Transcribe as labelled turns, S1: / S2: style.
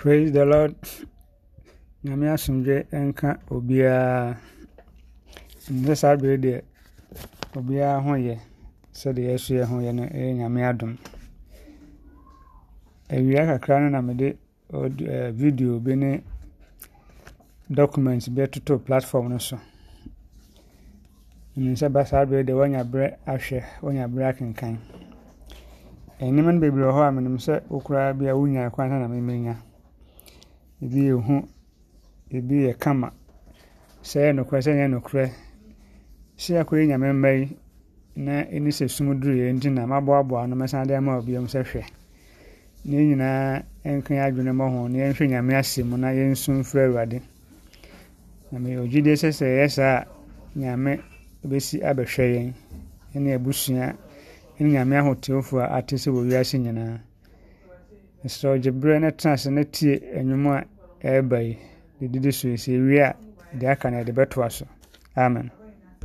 S1: praise the lord nyame asomdwe nka obiara nnɛ saa bere deɛ obiara ho yɛ sɛdeɛ yɛso yɛ ho yɛ no ɛyɛ nyame adom awia kakra no na mede video bi ne document bi atoto platform no so nim ba saa bere deɛ wanya berɛ ahwɛ wanya berɛ akenkan ɛnneɛma no bebree wɔ hɔ a menim sɛ wo koraa bi a wonya kwan sɛ na memenya ebi yɛ hu ebi yɛ kama sɛ yɛ nokorɛ sɛ ɛnyɛ nokorɛ sɛ akɔyɛ nyame mma yi na ɛni sɛ sum duruɛ nti na maboaboa no mɛsan de ama obiom sɛ hwɛ ne nyinaa ɛnka yɛ adwene mmɔ ho na yɛnhwɛ nyame asɛ mu na yɛnsu mfrɛ awurade na meyɛ ogyidie sɛ sɛ ɛyɛ saa a nyame bɛsi abɛhwɛ yɛn ɛne abusua ɛne nyame ahotewfo a ate sɛ wɔ wiase nyinaa Mesrɛ wo gye berɛ na tena ase na tie nnwom a ɛreba yi. Deɛ so yi, sɛ deɛ aka no yɛde bɛtoa so. Amen.